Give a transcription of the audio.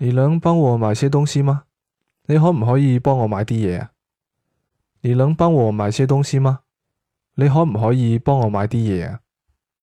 你能幫我買些東西嗎？你可唔可以幫我買啲嘢啊？你能幫我買些東西嗎？你可唔可以幫我買啲嘢啊？